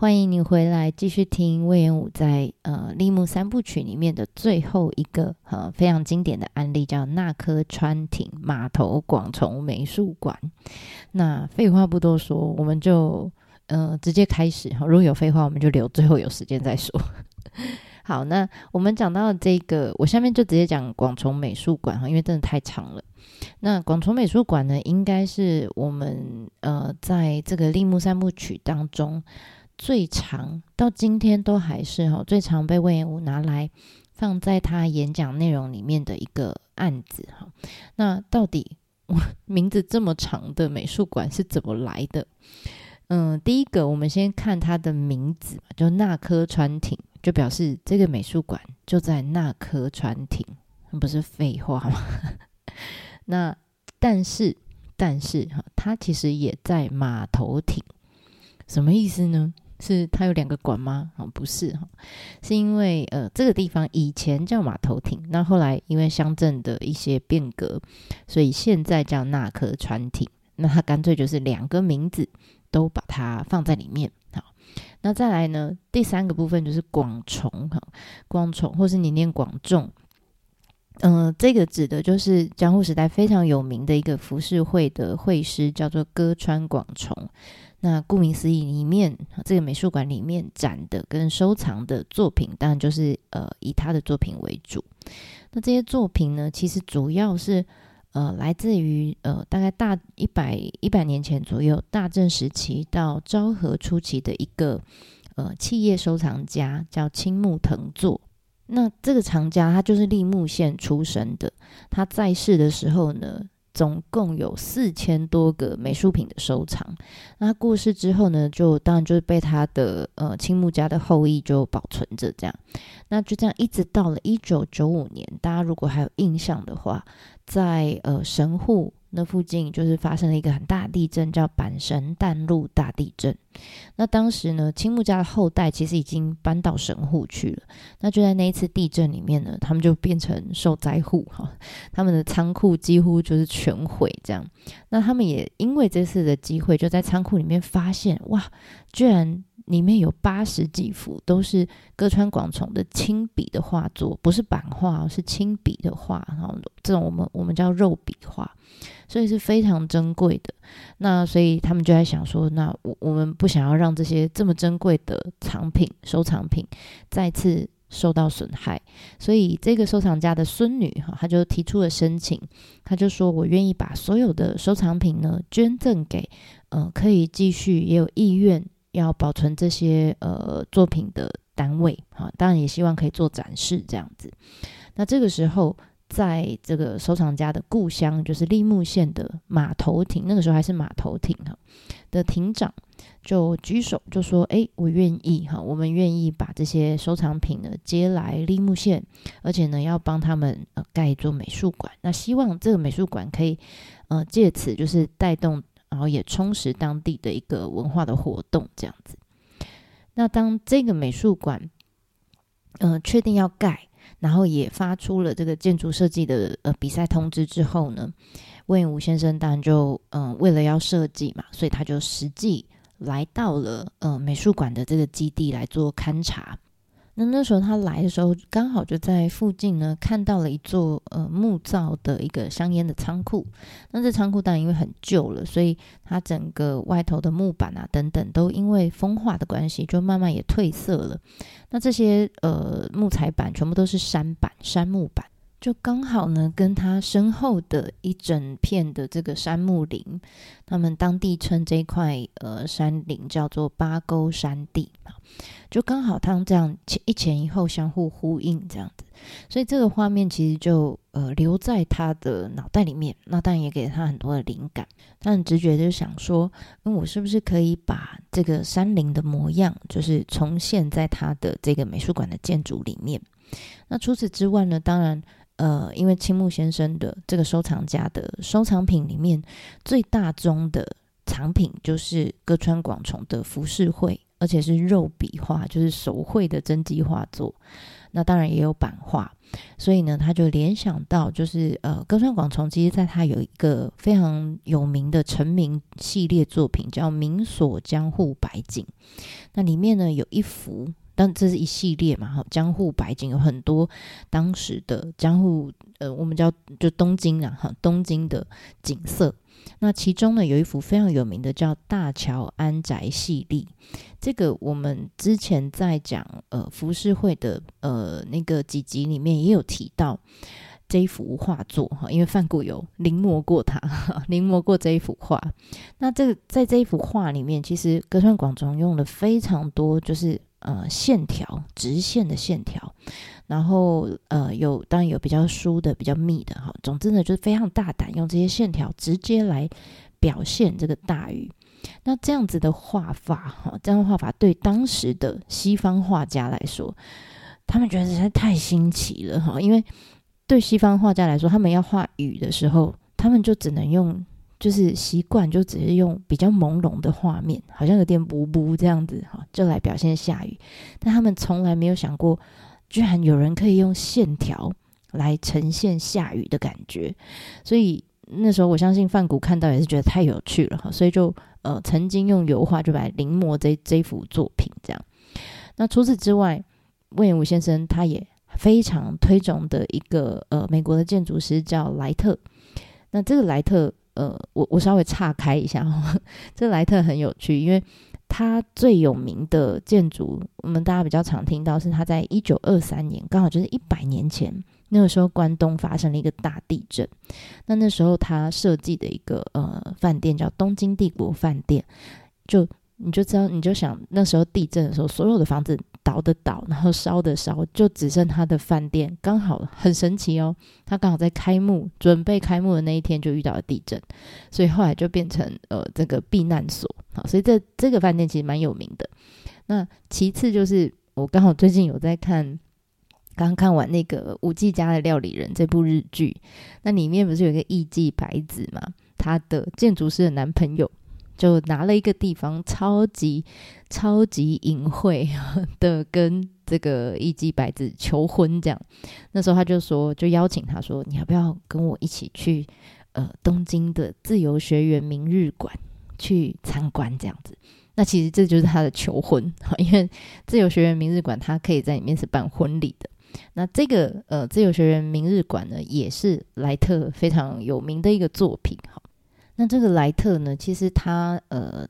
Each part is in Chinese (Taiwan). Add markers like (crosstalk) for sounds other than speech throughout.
歡迎你回來，繼續聽隈研吾在呃栃木三部曲裡面的最後一個呃非常經典的案例，叫那珂川町馬頭廣重美術館。那廢話不多說，我們就呃直接開始哈。如果有廢話，我們就留最後有時間再說。 (laughs) 好，那我們講到這個，我下面就直接講廣重美術館哈，因為真的太長了。那廣重美術館呢，應該是我們呃在這個栃木三部曲當中。最常到今天都還是哈、哦、最常被隈研吾拿來放在他演講內容裡面的一個案子哈。那到底名字這麼長的美術館是怎麼來的？嗯，第一個我們先看他的名字，就那珂川町，就表示這個美術館就在那珂川町，不是廢話嗎？ (laughs) 那但是但是哈，哦、他其實也在馬頭町，什麼意思呢？是它有兩個館嗎？不是哈，是因為呃，這個地方以前叫馬頭町，那後來因為鄉鎮的一些變革，所以現在叫那珂川町。那它乾脆就是兩個名字都把它放在裡面。好，那再來呢，第三個部分就是廣重。哈，廣重或是你念廣重，嗯、呃，這個指的就是江戶時代非常有名的一個浮世繪的繪師，叫做歌川廣重。那顧名思義，裡面這個美術館裡面展的跟收藏的作品，當然就是呃以他的作品為主。那這些作品呢，其實主要是呃來自於呃大概大一百一百年前左右大正時期到昭和初期的一個呃企業收藏家叫青木藤作。那這個藏家他就是栃木縣出身的，他在世的時候呢。總共有四千多個美術品的收藏。那過世之後呢，就當然就是被他的呃青木家的後裔就保存着這樣。那就這樣一直到了一九九五年，大家如果還有印象的話，在呃神戶，那附近就是發生了一個很大的地震，叫阪神淡路大地震。那當時呢，青木家的後代其實已經搬到神戶去了。那就在那一次地震裡面呢，他們就變成受災戶哈，他們的倉庫幾乎就是全毀這樣。那他們也因為這次的機會，就在倉庫裡面發現，哇，居然。裡面有八十幾幅都是歌川廣重的親筆的畫作，不是版畫，是親筆的畫，然後這種我們我們叫肉筆畫，所以是非常珍貴的。那所以他們就在想說，那我們不想要讓這些這麼珍貴的藏品收藏品再次受到損害，所以這個收藏家的孫女哈，他就提出了申請，他就說我願意把所有的收藏品呢捐贈給，呃，可以繼續也有意願。要保存這些呃作品的單位，哈、啊，當然也希望可以做展示這樣子。那這個時候，在這個收藏家的故鄉，就是栃木縣的馬頭町，那個時候還是馬頭町哈、啊、的町長就舉手就說：“誒、欸，我願意哈、啊，我們願意把這些收藏品呢接來栃木縣，而且呢要幫他們呃蓋一座美術館。那希望這個美術館可以呃借此就是帶動。”然後也充實當地的一個文化的活動，這樣子。那當這個美術館，嗯、呃，確定要蓋，然後也發出了這個建築設計的呃比賽通知之後呢，隈研吾先生當然就嗯、呃、為了要設計嘛，所以他就實際來到了呃美術館的這個基地來做勘察。那那時候他來的時候，剛好就在附近呢，看到了一座呃木造的一個香煙的倉庫。那這倉庫當然因為很舊了，所以它整個外頭的木板啊等等，都因為風化的關係，就慢慢也褪色了。那這些呃木材板全部都是杉板、杉木板。就剛好呢，跟他身後的一整片的這個杉木林，他們當地稱這一塊呃山林叫做八溝山地，就剛好他這樣一前一後相互呼應這樣子，所以這個畫面其實就呃留在他的腦袋裡面，那當然也給了他很多的靈感，但直覺就是想說，那、嗯、我是不是可以把這個山林的模樣，就是重現在他的這個美術館的建築裡面？那除此之外呢，當然。呃，因為青木先生的這個收藏家的收藏品裡面最大宗的藏品就是歌川廣重的浮世繪，而且是肉筆畫，就是手繪的真跡畫作。那當然也有版畫，所以呢，他就聯想到就是呃，歌川廣重其實在他有一個非常有名的成名系列作品叫《名所江戶百景》，那裡面呢有一幅。但這是一系列嘛，哈，江戶百景有很多當時的江戶，呃，我們叫就東京啊，哈，東京的景色。那其中呢，有一幅非常有名的叫《大橋安宅系列》，這個我們之前在講呃浮世繪的呃那個幾集裡面也有提到這一幅畫作，哈，因為梵谷有臨摹過它，臨摹過這一幅畫。那這在這一幅畫裡面，其實歌川廣重用了非常多就是。呃，線條直線的線條，然後呃，有當然有比較疏的，比較密的哈。總之呢，就是非常大膽，用這些線條直接來表現這個大雨。那這樣子的畫法哈，這樣畫法對當時的西方畫家來說，他們覺得實在太新奇了哈。因為對西方畫家來說，他們要畫雨的時候，他們就只能用。就是習慣就只是用比較朦朧的畫面，好像有點模糊這樣子哈，就來表現下雨。但他們從來沒有想過，居然有人可以用線條來呈現下雨的感覺。所以那時候我相信梵谷看到也是覺得太有趣了哈，所以就呃曾經用油畫就來臨摹這這幅作品這樣。那除此之外，隈研吾先生他也非常推崇的一個呃美國的建築師叫萊特。那這個萊特。呃，我我稍微岔開一下呵呵，這萊特很有趣，因為他最有名的建築，我們大家比較常聽到是他在一九二三年，剛好就是一百年前，那個時候關東發生了一個大地震，那那時候他設計的一個呃飯店叫東京帝國飯店，就你就知道你就想那時候地震的時候，所有的房子。倒的倒，然後燒的燒，就只剩他的飯店，剛好很神奇哦，他剛好在開幕，準備開幕的那一天就遇到了地震，所以後來就變成呃這個避難所，好，所以這這個飯店其實蠻有名的。那其次就是我剛好最近有在看，剛，剛看完那個《舞伎家的料理人》這部日劇，那裡面不是有一個藝妓白子嘛，她的建築師的男朋友。就拿了一個地方超，超級超級隱晦的跟這個一吉白子求婚這樣。那時候他就說，就邀請他說，你要不要跟我一起去呃東京的自由學園明日館去參觀這樣子？那其實這就是他的求婚，因為自由學園明日館他可以在裡面是辦婚禮的。那這個呃自由學園明日館呢，也是萊特非常有名的一個作品。好。那這個萊特呢？其實他呃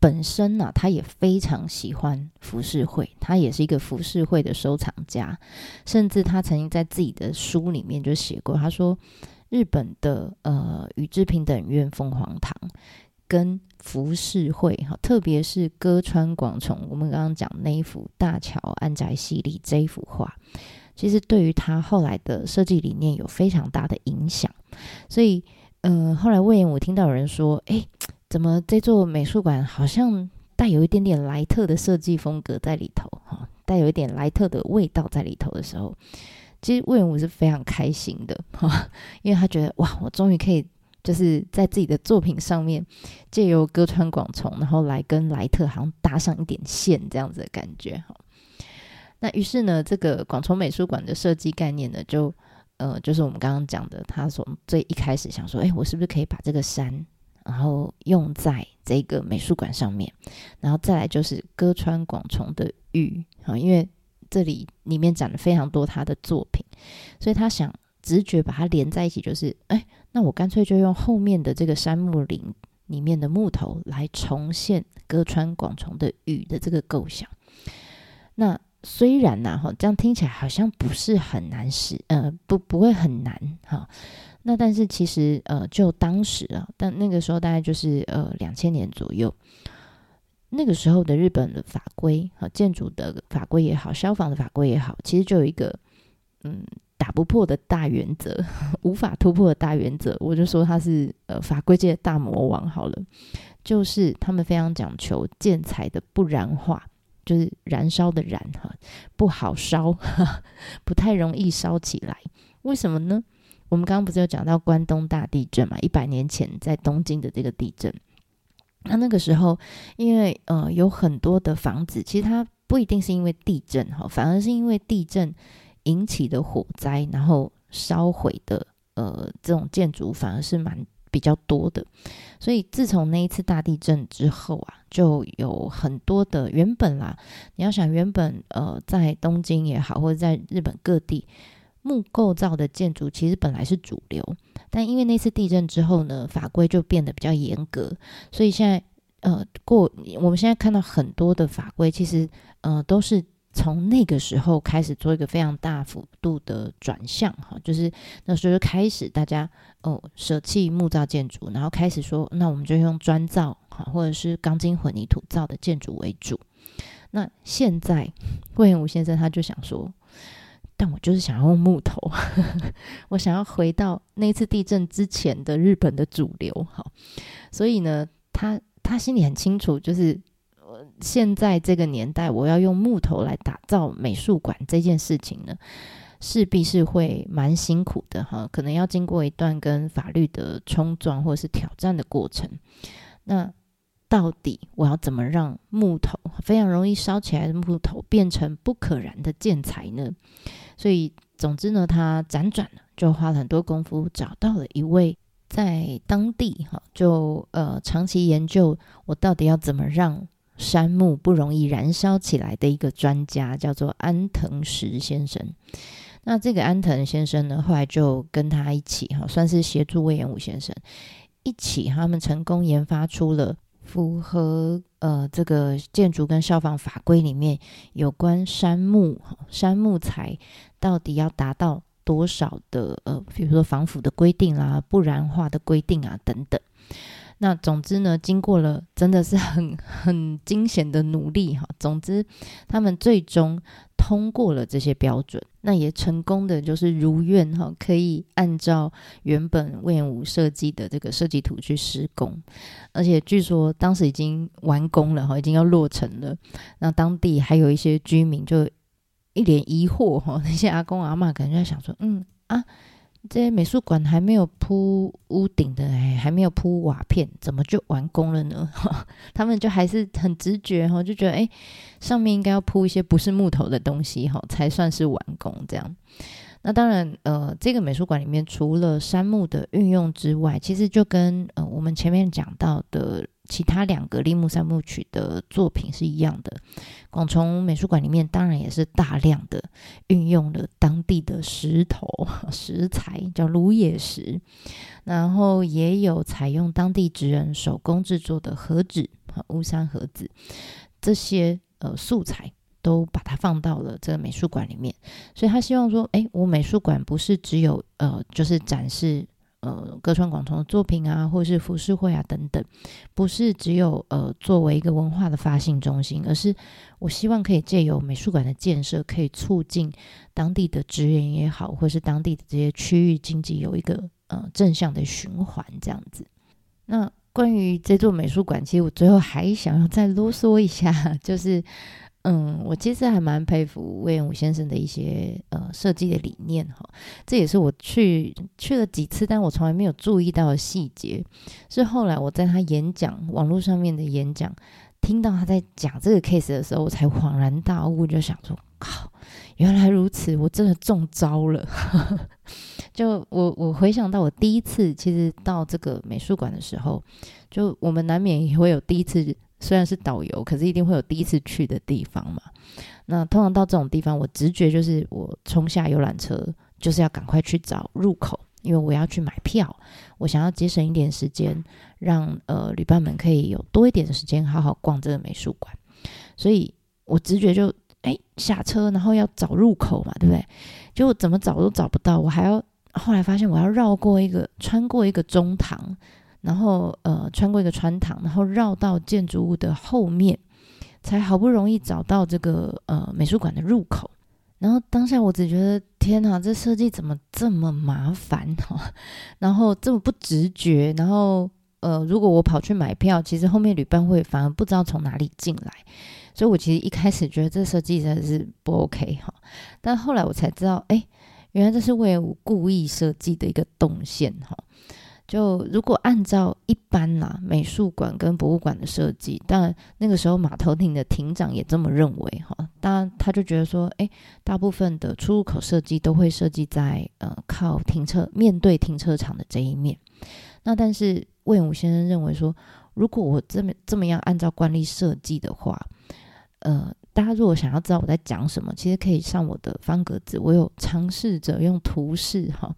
本身呢、啊，他也非常喜歡浮世繪，他也是一個浮世繪的收藏家，甚至他曾經在自己的書裡面就寫過，他說日本的呃宇治平等院鳳凰堂跟浮世繪哈，特別是歌川廣重，我們剛剛講那一幅大橋安宅系列這一幅畫，其實對於他後來的設計理念有非常大的影響，所以。嗯、呃，後來隈研吾聽到有人說：“誒，怎麼這座美術館好像帶有一點點萊特的設計風格在裡頭，哈，帶有一點萊特的味道在裡頭的時候，其實隈研吾是非常開心的，哈，因為他覺得哇，我終於可以就是在自己的作品上面借由歌川廣重，然後來跟萊特好像搭上一點線這樣子的感覺，哈。那於是呢，這個廣重美術館的設計概念呢，就……呃，就是我們剛剛講的，他從最一開始想說，哎，我是不是可以把這個山，然後用在這個美術館上面，然後再來就是歌川廣重的雨，啊、嗯，因為這裡裡面展了非常多他的作品，所以他想直覺把它連在一起，就是，哎，那我乾脆就用後面的這個杉木林裡面的木頭來重現歌川廣重的雨的這個構想，那。雖然吶、啊、哈，這樣聽起來好像不是很難使，呃，不不會很難哈、哦。那但是其實呃，就當時啊，但那個時候大概就是呃兩千年左右，那個時候的日本的法規和建築的法規也好，消防的法規也好，其實就有一個嗯打不破的大原則，無法突破的大原則。我就說它是呃法規界的大魔王好了，就是他們非常講求建材的不燃化。就是燃燒的燃哈，不好燒，不太容易燒起來。為什麼呢？我們剛剛不是有講到關東大地震嘛？一百年前在東京的這個地震，那那個時候因為呃有很多的房子，其實它不一定是因為地震哈，反而是因為地震引起的火災，然後燒毀的呃這種建築反而是蠻。比較多的，所以自從那一次大地震之後啊，就有很多的原本啦，你要想原本呃，在東京也好，或者在日本各地，木構造的建築其實本來是主流，但因為那次地震之後呢，法規就變得比較嚴格，所以現在呃過，我們現在看到很多的法規其實呃都是。從那個時候開始做一個非常大幅度的轉向，哈，就是那時候就開始，大家哦捨棄木造建築，然後開始說，那我們就用磚造，哈，或者是鋼筋混凝土造的建築為主。那現在隈研吾先生他就想說，但我就是想要用木頭呵呵，我想要回到那次地震之前的日本的主流，哈。所以呢，他他心裡很清楚，就是。現在這個年代，我要用木頭來打造美術館這件事情呢，勢必是會蠻辛苦的哈。可能要經過一段跟法律的衝撞或是挑戰的過程。那到底我要怎麼讓木頭，非常容易燒起來的木頭變成不可燃的建材呢？所以，總之呢，他輾轉就花了很多功夫找到了一位在當地哈，就呃長期研究我到底要怎麼讓。杉木不容易燃燒起來的一個專家叫做安藤石先生。那這個安藤先生呢，後來就跟他一起，哈，算是協助隈研吾先生一起，他們成功研發出了符合呃這個建築跟消防法規裡面有關杉木，杉木材到底要達到多少的呃，比如說防腐的規定啦，啊、不燃化的規定啊等等。那總之呢，經過了真的是很很驚險的努力哈。總之，他們最終通過了這些標準，那也成功的就是如願哈，可以按照原本隈研吾設計的這個設計圖去施工，而且據說當時已經完工了哈，已經要落成了。那當地還有一些居民就一臉疑惑哈，那些阿公阿嬤可能在想說，嗯啊。這些美術館還沒有鋪屋頂的、欸，哎，還沒有鋪瓦片，怎麼就完工了呢？他們就還是很直覺，哈，就覺得哎、欸，上面應該要鋪一些不是木頭的東西，哈，才算是完工這樣。那當然，呃，這個美術館裡面除了杉木的運用之外，其實就跟呃我們前面講到的，其他兩個栃木三部曲的作品是一樣的。廣重美術館裡面當然也是大量的運用了當地的石頭石材，叫蘆野石，然後也有採用當地職人手工制作的盒子，烏、呃、山盒子，這些呃素材都把它放到了這個美術館裡面。所以他希望說，哎，我美術館不是只有呃，就是展示。呃，歌川廣重的作品啊，或是浮世繪啊等等，不是只有呃作為一個文化的發信中心，而是我希望可以借由美術館的建設，可以促進當地的職員也好，或是當地的這些區域經濟有一個呃正向的循環這樣子。那關於這座美術館，其實我最後還想要再囉嗦一下，就是。嗯，我其實還蠻佩服隈研吾先生的一些呃設計的理念哈，這也是我去去了幾次，但我從來沒有注意到的細節，是後來我在他演講網絡上面的演講，聽到他在講這個 case 的時候，我才恍然大悟，就想說靠，原來如此，我真的中招了。 (laughs) 就我我回想到我第一次其實到這個美術館的時候，就我們難免也會有第一次。雖然是導遊，可是一定會有第一次去的地方嘛。那通常到這種地方，我直覺就是我衝下遊覽車，就是要趕快去找入口，因為我要去買票，我想要節省一點時間，讓呃旅伴們可以有多一點的時間好好逛這個美術館。所以我直覺就欸，下車，然後要找入口嘛，對不對？就我怎麼找都找不到，我還要後來發現我要繞過一個，穿過一個中堂。然後，呃，穿過一個穿堂，然後繞到建築物的後面，才好不容易找到這個呃美術館的入口。然後當下我只覺得，天啊，這設計怎麼這麼麻煩哈、哦？然後這麼不直覺。然後，呃，如果我跑去買票，其實後面旅伴會反而不知道從哪裡進來。所以我其實一開始覺得這設計真的是不 OK 哈、哦。但後來我才知道，哎，原來這是為了我故意設計的一個動線哈。哦。就如果按照一般啦、啊，美術館跟博物館的設計，當然那個時候馬頭町的町長也這麼認為哈，當然他就覺得說，誒，大部分的出入口設計都會設計在呃靠停車面對停車場的這一面。那但是隈研吾先生認為說，如果我這麼這麼樣按照慣例設計的話，呃，大家如果想要知道我在講什麼，其實可以上我的方格子，我有嘗試着用圖示哈、哦，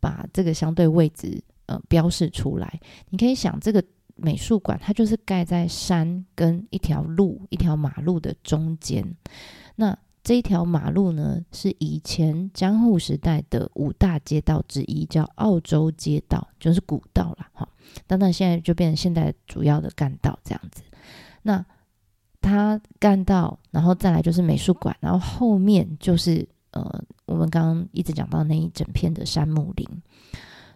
把這個相對位置。呃、標示出來，你可以想，這個美術館它就是蓋在山跟一條路，一條馬路的中間。那這一條馬路呢，是以前江戶時代的五大街道之一，叫奧州街道，就是古道啦。好，哦，等等，現在就變成現在主要的幹道這樣子。那它幹道，然後再來就是美術館，然後後面就是呃，我們剛剛一直講到那一整片的杉木林，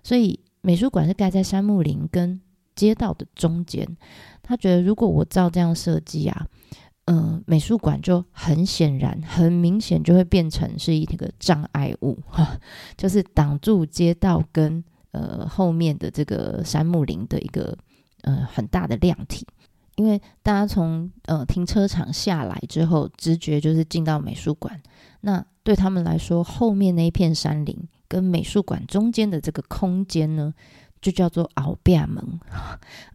所以。美術館是蓋在杉木林跟街道的中間，他覺得如果我照這樣設計啊，呃，美術館就很顯然、很明顯就會變成是一個障礙物，哈，就是擋住街道跟呃後面的這個杉木林的一個呃很大的量體，因為大家從呃停車場下來之後，直覺就是進到美術館，那對他們來說，後面那一片山林。跟美術館中間的這個空間呢，就叫做奧比亞門。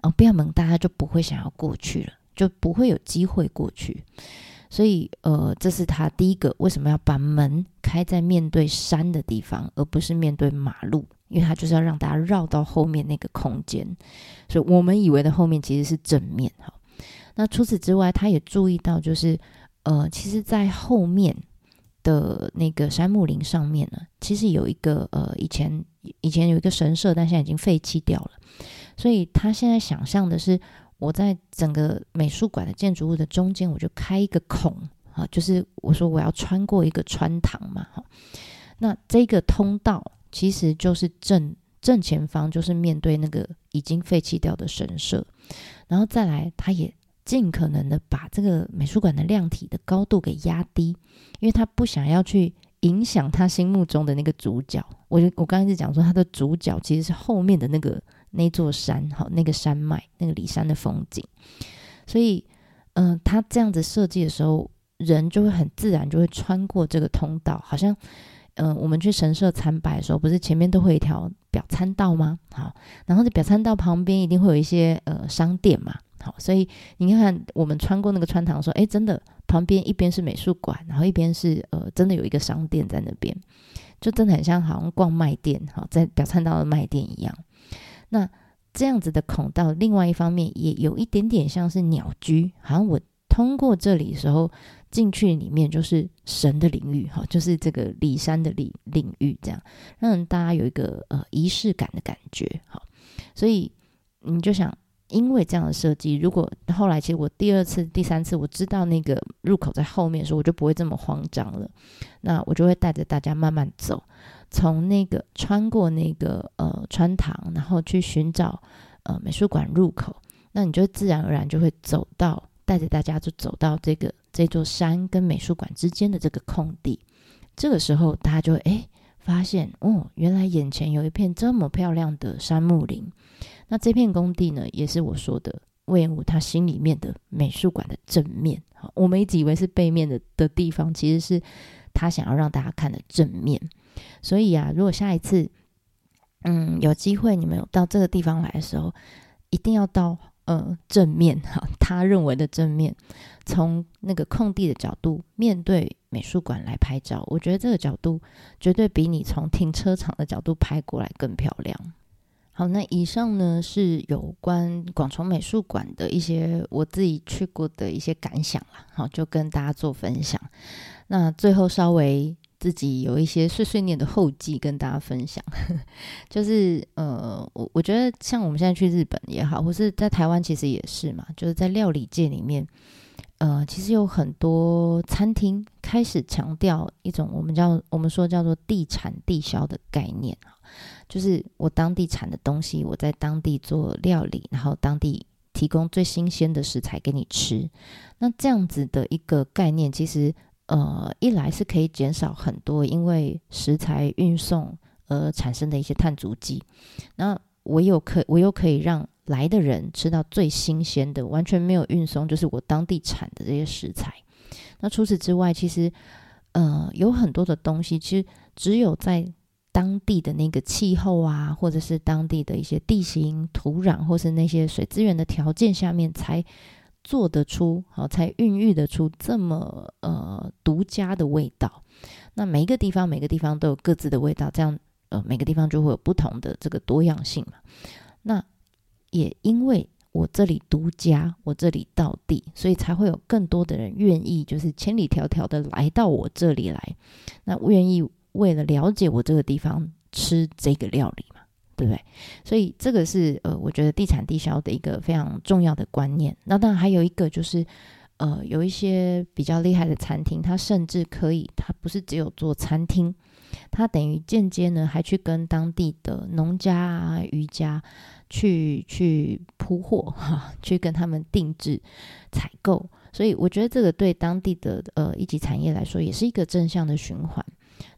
奧比亞門，大家就不會想要過去了，就不會有機會過去。所以，呃，這是他第一個為什麼要把門開在面對山的地方，而不是面對馬路，因為他就是要讓大家繞到後面那個空間。所以，我們以為的後面其實是正面哈。那除此之外，他也注意到，就是呃，其實，在後面。的那個杉木林上面呢，其實有一個呃以前以前有一個神社，但現在已經廢棄掉了。所以他現在想象的是，我在整個美術館的建築物的中間，我就開一個孔啊，就是我說我要穿過一個穿堂嘛、啊。那這個通道其實就是正正前方，就是面對那個已經廢棄掉的神社，然後再來他也。盡可能的把這個美術館的量體的高度給壓低，因為他不想要去影響他心目中的那個主角，我就我剛開始講說，他的主角其實是後面的那個那座山，好，那個山脈，那個里山的風景。所以，嗯、呃，他這樣子設計的時候，人就會很自然就會穿過這個通道，好像，嗯、呃，我們去神社參拜的時候，不是前面都會有一條表參道嗎？好，然後這表參道旁邊一定會有一些呃商店嘛。好，所以你看看，我們穿過那個穿堂的時候，說，哎，真的，旁邊一邊是美術館，然後一邊是呃，真的有一個商店在那邊，就真的很像好像逛賣店，哈、哦，在表參道的賣店一樣。那這樣子的孔道，另外一方面也有一點點像是鳥居，好像我通過這裡的時候，進去裡面就是神的領域，哈、哦，就是這個里山的領領域，這樣讓人大家有一個呃儀式感的感覺，哈，所以你就想。因為這樣的設計，如果後來其實我第二次、第三次我知道那個入口在後面的時候，我就不會這麼慌張了。那我就會帶着大家慢慢走，從那個穿過那個呃穿堂，然後去尋找呃美術館入口。那你就自然而然就會走到，帶着大家就走到這個這座山跟美術館之間的這個空地。這個時候，大家就會誒發現哦，原來眼前有一片這麼漂亮的杉木林。那這片工地呢，也是我說的隈研吾他心裡面的美術館的正面。我們一直以為是背面的的地方，其實是他想要讓大家看的正面。所以啊，如果下一次，嗯，有機會你們有到這個地方來的時候，一定要到呃正面哈，他認為的正面，從那個空地的角度面對美術館來拍照，我覺得這個角度絕對比你從停車場的角度拍過來更漂亮。好，那以上呢，是有關廣重美術館的一些我自己去過的一些感想啦，好，就跟大家做分享。那最後稍微自己有一些碎碎念的後記跟大家分享， (laughs) 就是呃，我我覺得像我們現在去日本也好，或是在台灣其實也是嘛，就是在料理界裡面。呃，其實有很多餐廳開始強調一種我們叫我們說的叫做地產地消的概念，就是我當地產的東西，我在當地做料理，然後當地提供最新鮮的食材給你吃。那這樣子的一個概念，其實呃，一來是可以減少很多因為食材運送而產生的一些碳足跡，那我有可我又可以讓。來的人吃到最新鮮的，完全沒有運送，就是我當地產的這些食材。那除此之外，其實呃有很多的東西，其實只有在當地的那個氣候啊，或者是當地的一些地形、土壤，或是那些水資源的條件下面，才做得出好、哦，才孕育得出這麼呃獨家的味道。那每一個地方，每個地方都有各自的味道，這樣呃每個地方就會有不同的這個多樣性嘛。那也因為我這裡獨家，我這裡道地，所以才會有更多的人願意，就是千里迢迢的來到我這裡來，那願意為了了解我這個地方吃這個料理嘛，對不對？所以這個是呃，我覺得地產地消的一個非常重要的觀念。那當然還有一個就是，呃，有一些比較厲害的餐廳，它甚至可以，它不是只有做餐廳，它等於間接呢還去跟當地的農家啊、漁家。去去鋪貨哈、啊，去跟他們定制採購，所以我覺得這個對當地的呃一級產業來說也是一個正向的循環。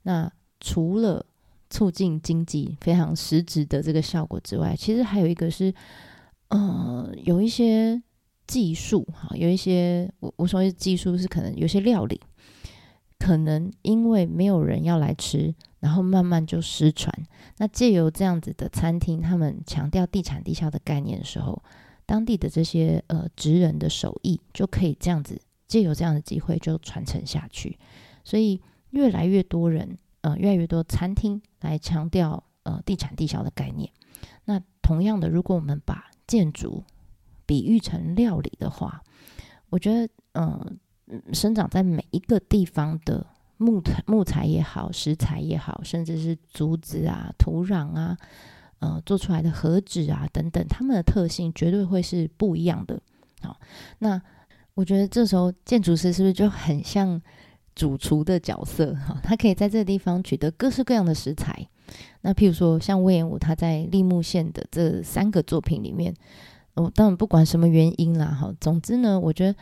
那除了促進經濟非常實質的這個效果之外，其實還有一個是，呃，有一些技術哈、啊，有一些我我說的技術是可能有些料理。可能因為沒有人要來吃，然後慢慢就失傳。那借由這樣子的餐廳，他們強調地產地消的概念的時候，當地的這些呃職人的手藝就可以這樣子借由這樣的機會就傳承下去。所以，越來越多人，呃，越來越多餐廳來強調呃地產地消的概念。那同樣的，如果我們把建築比喻成料理的話，我覺得，嗯、呃。生長在每一個地方的木木材也好，石材也好，甚至是竹子啊、土壤啊，呃，做出來的和紙啊等等，它們的特性絕對會是不一樣的。好，那我覺得這時候建築師是不是就很像主廚的角色？哈，他可以在這個地方取得各式各樣的食材。那譬如說，像隈研吾，他在栃木縣的這三個作品裡面，我當然不管什麼原因啦，哈，總之呢，我覺得。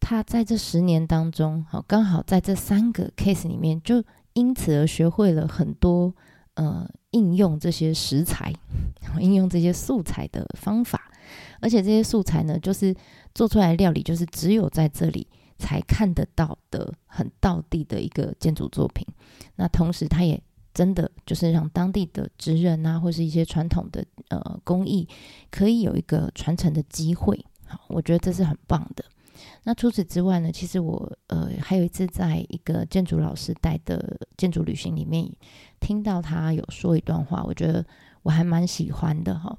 他在這十年當中，好，剛好在這三個 case 裡面，就因此而學會了很多呃應用這些食材，應用這些素材的方法。而且這些素材呢，就是做出來的料理，就是只有在這裡才看得到的很道地的一個建築作品。那同時，他也真的就是讓當地的職人啊，或是一些傳統的呃工藝，可以有一個傳承的機會。好，我覺得這是很棒的。那除此之外呢，其實我呃還有一次，在一個建築老師帶的建築旅行裡面，聽到他有說一段話，我覺得我還蠻喜歡的哈、哦。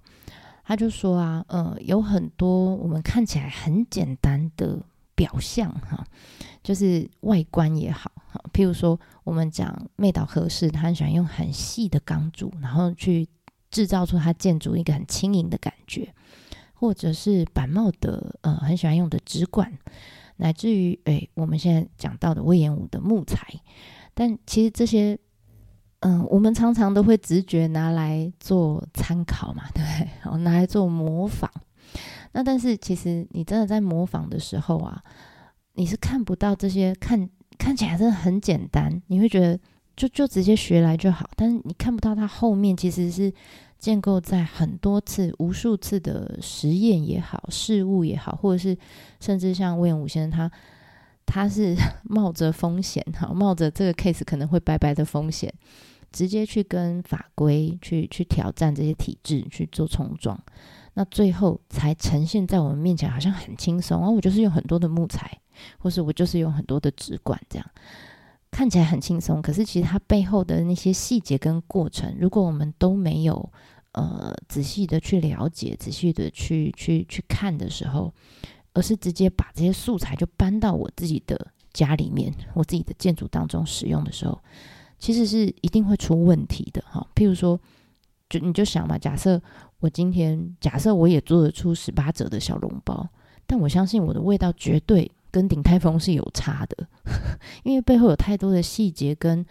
他就說啊，呃，有很多我們看起來很簡單的表象哈，就是外觀也好，哈譬如說我們講妹島和世，他很喜歡用很細的鋼柱，然後去制造出他建築一個很輕盈的感覺。或者是坂茂的呃，很喜歡用的紙管，乃至於誒、欸，我們現在講到的隈研吾的木材，但其實這些，嗯、呃，我們常常都會直覺拿來做參考嘛，對不對、哦？拿來做模仿。那但是其實你真的在模仿的時候啊，你是看不到這些看，看看起來真的很簡單，你會覺得就就直接學來就好，但是你看不到它後面其實是。建構在很多次、無數次的實驗也好、事物也好，或者是甚至像隈研吾先生他，他他是冒着風險，哈，冒着這個 case 可能會白白的風險，直接去跟法規去去挑戰這些體制去做衝撞，那最後才呈現在我們面前，好像很輕鬆。哦。我就是用很多的木材，或是我就是用很多的紙管這樣。看起來很輕鬆，可是其實它背後的那些細節跟過程，如果我們都沒有呃仔細的去了解、仔細的去去去看的時候，而是直接把這些素材就搬到我自己的家裡面、我自己的建築當中使用的時候，其實是一定會出問題的哈。譬如說，就你就想嘛，假設我今天假設我也做得出十八折的小籠包，但我相信我的味道絕對。跟鼎泰豐是有差的，因為背後有太多的細節跟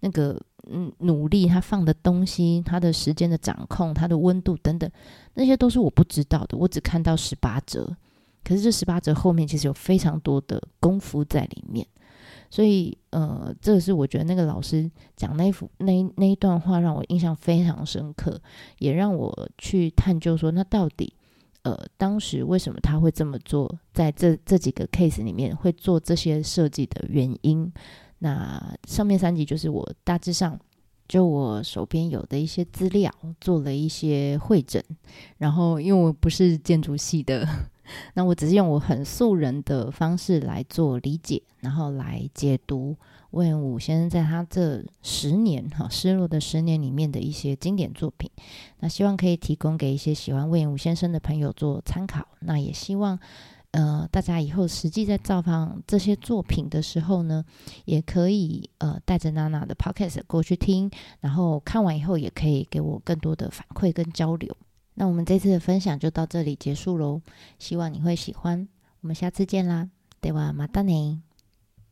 那個嗯努力。他放的東西，他的時間的掌控，他的溫度等等，那些都是我不知道的。我只看到十八折，可是這十八折後面其實有非常多的功夫在裡面。所以呃，這個是我覺得那個老師講那幅那那一段話讓我印象非常深刻，也讓我去探究說那到底，呃，當時為什麼他會這麼做？在這這幾個 case 裡面，會做這些設計的原因，那上面三集就是我大致上就我手邊有的一些資料做了一些會診，然後因為我不是建築系的。那我只是用我很素人的方式來做理解，然後來解讀隈研吾先生在他這十年哈、哦、失落的十年裡面的一些經典作品。那希望可以提供給一些喜歡隈研吾先生的朋友做參考。那也希望呃大家以後實際在造訪這些作品的時候呢，也可以呃帶着娜娜的 Podcast 過去聽，然後看完以後也可以給我更多的反饋跟交流。那我們這次的分享就到這裡結束嘍，希望你會喜歡。我們下次見啦，ではまたね。